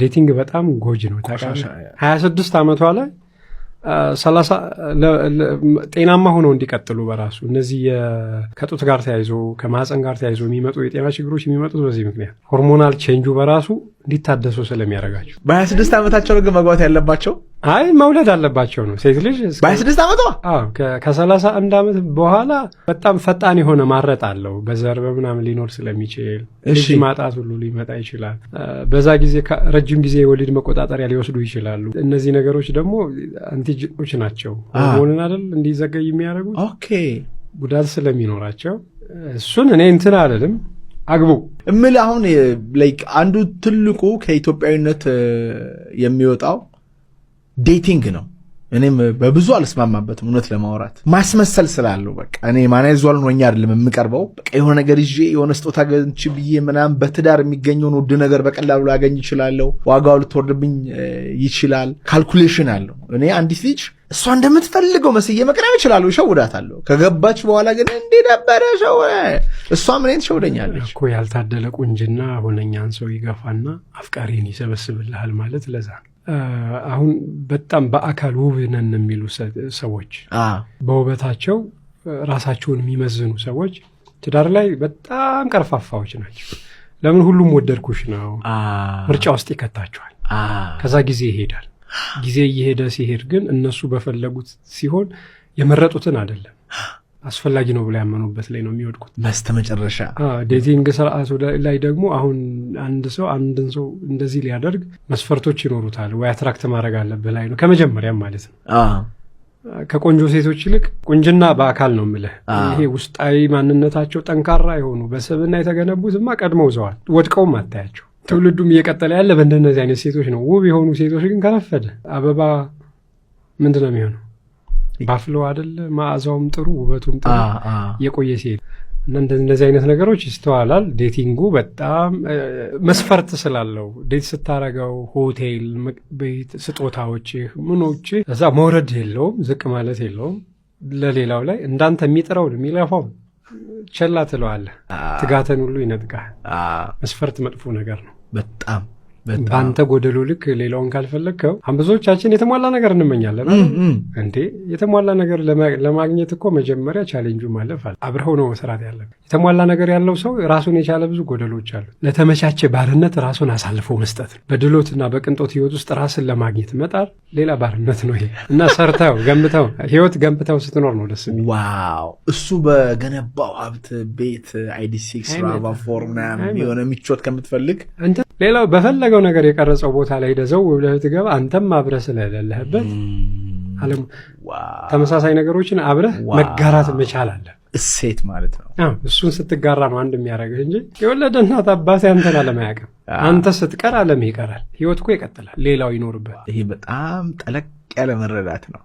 ዴቲንግ በጣም ጎጅ ነው። ሀያ ስድስት ዓመቷ ላይ ጤናማ ሆነው እንዲቀጥሉ በራሱ እነዚህ ከጡት ጋር ተያይዞ ከማህፀን ጋር ተያይዞ የሚመጡ የጤና ችግሮች የሚመጡት በዚህ ምክንያት ሆርሞናል ቼንጁ በራሱ እንዲታደሱ ስለሚያደርጋቸው በሀያ ስድስት ዓመታቸው ግን መግባት ያለባቸው አይ መውለድ አለባቸው ነው። ሴት ልጅ በስድስት ዓመቷ ከሰላሳ አንድ ዓመት በኋላ በጣም ፈጣን የሆነ ማረጥ አለው። በዘር በምናምን ሊኖር ስለሚችል ልጅ ማጣት ሁሉ ሊመጣ ይችላል። በዛ ጊዜ ረጅም ጊዜ የወሊድ መቆጣጠሪያ ሊወስዱ ይችላሉ። እነዚህ ነገሮች ደግሞ አንቲጅኖች ናቸው። ሆንን አይደል እንዲዘገይ የሚያደርጉት ጉዳት ስለሚኖራቸው እሱን እኔ እንትን አለልም አግቡ እምል አሁን ላይክ አንዱ ትልቁ ከኢትዮጵያዊነት የሚወጣው ዴቲንግ ነው። እኔም በብዙ አልስማማበትም። እውነት ለማውራት ማስመሰል ስላለው በቃ እኔ ማናይዟል ሆኜ አይደለም የምቀርበው። በቃ የሆነ ነገር ይዤ የሆነ ስጦታ ገንች ብዬ ምናምን በትዳር የሚገኘውን ውድ ነገር በቀላሉ ላገኝ ይችላለሁ። ዋጋው ልትወርድብኝ ይችላል። ካልኩሌሽን አለው። እኔ አንዲት ልጅ እሷ እንደምትፈልገው መስዬ መቅረብ እችላለሁ፣ እሸውዳታለሁ። ከገባች በኋላ ግን እንዴ ነበረ ሸው እሷም እኔን ትሸውደኛለች እኮ። ያልታደለ ቁንጅና ሆነኛን ሰው ይገፋና አፍቃሪን ይሰበስብልሃል ማለት ለዛ ነው። አሁን በጣም በአካል ውብ ነን የሚሉ ሰዎች በውበታቸው ራሳቸውን የሚመዝኑ ሰዎች ትዳር ላይ በጣም ቀርፋፋዎች ናቸው። ለምን ሁሉም ወደድኩሽ ነው ምርጫ ውስጥ ይከታቸዋል። ከዛ ጊዜ ይሄዳል። ጊዜ እየሄደ ሲሄድ ግን እነሱ በፈለጉት ሲሆን የመረጡትን አይደለም አስፈላጊ ነው ብላ ያመኑበት ላይ ነው የሚወድቁት። መጨረሻ ዴቲንግ ስርዓቱ ላይ ደግሞ አሁን አንድ ሰው አንድን ሰው እንደዚህ ሊያደርግ መስፈርቶች ይኖሩታል ወይ አትራክት ማድረግ አለብህ ላይ ነው ከመጀመሪያም ማለት ነው። ከቆንጆ ሴቶች ይልቅ ቁንጅና በአካል ነው የምልህ። ይሄ ውስጣዊ ማንነታቸው ጠንካራ የሆኑ የተገነቡት የተገነቡትማ ቀድመው ዘዋል፣ ወድቀውም አታያቸው። ትውልዱም እየቀጠለ ያለ በእንደነዚህ አይነት ሴቶች ነው። ውብ የሆኑ ሴቶች ግን ከረፈደ አበባ ምንድን ነው የሚሆነው? ባፍሎ አይደል መዓዛውም ጥሩ ውበቱም ጥሩ የቆየ ሲሄድ እና እንደዚህ አይነት ነገሮች ይስተዋላል። ዴቲንጉ በጣም መስፈርት ስላለው ዴት ስታረገው ሆቴል፣ ቤት፣ ስጦታዎችህ፣ ምኖች እዛ መውረድ የለውም ዝቅ ማለት የለውም። ለሌላው ላይ እንዳንተ የሚጥረውን የሚለፋው ቸላ ትለዋለህ። ትጋትን ሁሉ ይነጥቃል። መስፈርት መጥፎ ነገር ነው በጣም በአንተ ጎደሎ ልክ ሌላውን ካልፈለግከው ብዙዎቻችን የተሟላ ነገር እንመኛለን። እንዴ የተሟላ ነገር ለማግኘት እኮ መጀመሪያ ቻሌንጁ ማለፍ አለ። አብረኸው ነው መስራት ያለብህ። የተሟላ ነገር ያለው ሰው ራሱን የቻለ ብዙ ጎደሎች አሉ። ለተመቻቸ ባርነት ራሱን አሳልፎ መስጠት ነው። በድሎትና በቅንጦት ህይወት ውስጥ ራስን ለማግኘት መጣር ሌላ ባርነት ነው ይሄ እና ሰርተው ገንብተው ህይወት ገንብተው ስትኖር ነው ደስ ዋው እሱ በገነባው ሀብት ቤት አይዲሲክስ ራቫ ፎር ምናምን የሆነ ምቾት ከምትፈልግ ሌላው በፈለገው ነገር የቀረጸው ቦታ ላይ ደዘው ብለህ አንተም አብረህ ስለሌለህበት hmm. አለም ተመሳሳይ ነገሮችን አብረህ መጋራት መቻል አለ። እሴት ማለት ነው። እሱን ስትጋራ ነው አንድ የሚያደርግህ እንጂ የወለደ እናት አባት አንተን አለም አንተ ስትቀር አለም ይቀራል። ህይወት እኮ ይቀጥላል። ሌላው ይኖርበት። ይሄ በጣም ጠለቅ ያለ መረዳት ነው።